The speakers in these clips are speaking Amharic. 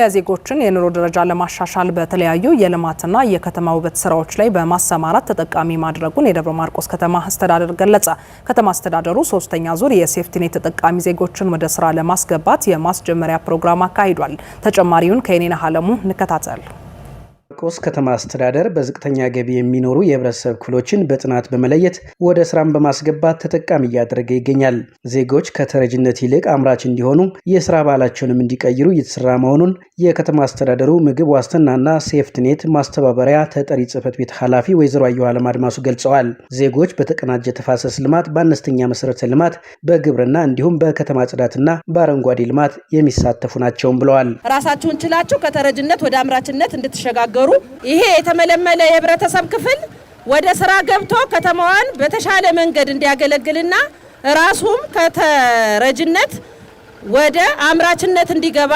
የዜጎችን የኑሮ ደረጃ ለማሻሻል በተለያዩ የልማትና የከተማ ውበት ስራዎች ላይ በማሰማራት ተጠቃሚ ማድረጉን የደብረ ማርቆስ ከተማ አስተዳደር ገለጸ። ከተማ አስተዳደሩ ሶስተኛ ዙር የሴፍቲኔት ተጠቃሚ ዜጎችን ወደ ስራ ለማስገባት የማስጀመሪያ ፕሮግራም አካሂዷል። ተጨማሪውን ከኔና አለሙ እንከታተል። ማርቆስ ከተማ አስተዳደር በዝቅተኛ ገቢ የሚኖሩ የህብረተሰብ ክፍሎችን በጥናት በመለየት ወደ ስራም በማስገባት ተጠቃሚ እያደረገ ይገኛል። ዜጎች ከተረጅነት ይልቅ አምራች እንዲሆኑ የስራ ባህላቸውንም እንዲቀይሩ እየተሰራ መሆኑን የከተማ አስተዳደሩ ምግብ ዋስትናና ሴፍትኔት ማስተባበሪያ ተጠሪ ጽህፈት ቤት ኃላፊ ወይዘሮ አየኋለም አድማሱ ገልጸዋል። ዜጎች በተቀናጀ ተፋሰስ ልማት፣ በአነስተኛ መሰረተ ልማት፣ በግብርና እንዲሁም በከተማ ጽዳትና በአረንጓዴ ልማት የሚሳተፉ ናቸውም ብለዋል። ራሳችሁን ችላችሁ ከተረጅነት ወደ አምራችነት እንድትሸጋገሩ ሲኖሩ ይሄ የተመለመለ የህብረተሰብ ክፍል ወደ ስራ ገብቶ ከተማዋን በተሻለ መንገድ እንዲያገለግልና ራሱም ከተረጅነት ወደ አምራችነት እንዲገባ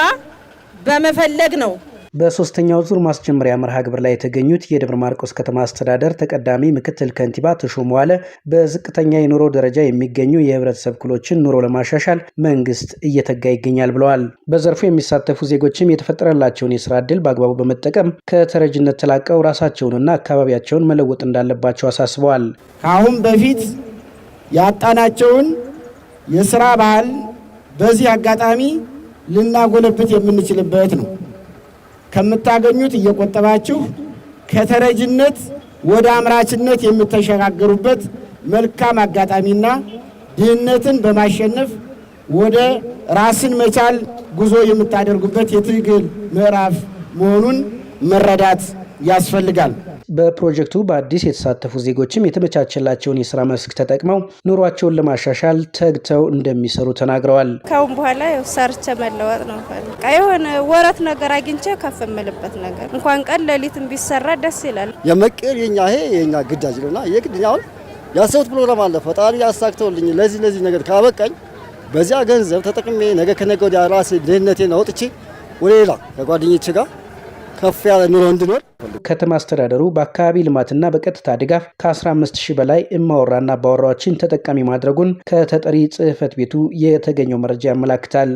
በመፈለግ ነው። በሶስተኛው ዙር ማስጀመሪያ መርሃ ግብር ላይ የተገኙት የደብረ ማርቆስ ከተማ አስተዳደር ተቀዳሚ ምክትል ከንቲባ ተሾሙ ዋለ በዝቅተኛ የኑሮ ደረጃ የሚገኙ የህብረተሰብ ክፍሎችን ኑሮ ለማሻሻል መንግስት እየተጋ ይገኛል ብለዋል። በዘርፉ የሚሳተፉ ዜጎችም የተፈጠረላቸውን የስራ ዕድል በአግባቡ በመጠቀም ከተረጅነት ተላቀው ራሳቸውንና አካባቢያቸውን መለወጥ እንዳለባቸው አሳስበዋል። ከአሁን በፊት ያጣናቸውን የስራ ባህል በዚህ አጋጣሚ ልናጎለብት የምንችልበት ነው። ከምታገኙት እየቆጠባችሁ ከተረጅነት ወደ አምራችነት የምተሸጋገሩበት መልካም አጋጣሚና ድህነትን በማሸነፍ ወደ ራስን መቻል ጉዞ የምታደርጉበት የትግል ምዕራፍ መሆኑን መረዳት ያስፈልጋል። በፕሮጀክቱ በአዲስ የተሳተፉ ዜጎችም የተመቻቸላቸውን የስራ መስክ ተጠቅመው ኑሯቸውን ለማሻሻል ተግተው እንደሚሰሩ ተናግረዋል። ካሁን በኋላ ሰርቼ መለወጥ ነው። የሆነ ወረት ነገር አግኝቼ ከፍ የምልበት ነገር እንኳን ቀን ሌሊትም ቢሰራ ደስ ይላል። የመቀር የኛ ይሄ የኛ ግዳጅ ነውና የግድ አሁን ያሰቡት ፕሮግራም አለ። ፈጣሪ ያሳክተውልኝ ለዚህ ለዚህ ነገር ካበቃኝ በዚያ ገንዘብ ተጠቅሜ ነገ ከነገ ወዲያ ራሴ ድህነቴን አውጥቼ ወደ ሌላ ከጓደኞቼ ጋር ከፍ ያለ ኑሮ እንድኖር ከተማ አስተዳደሩ በአካባቢ ልማትና በቀጥታ ድጋፍ ከ15 ሺህ በላይ እማወራና አባወራዎችን ተጠቃሚ ማድረጉን ከተጠሪ ጽህፈት ቤቱ የተገኘው መረጃ ያመላክታል።